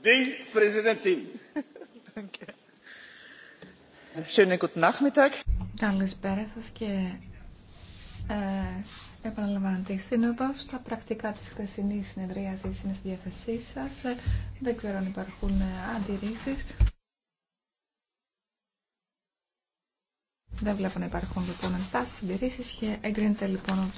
Καλησπέρα σα και ε, επαναλαμβάνεται η σύνοδο. Τα πρακτικά τη χθεσινή συνεδρίαση είναι στη διάθεσή σα. Δεν ξέρω αν υπάρχουν ε, αντιρρήσει. Δεν βλέπω να υπάρχουν λοιπόν ενστάσει, αντιρρήσει και εγκρίνεται λοιπόν ο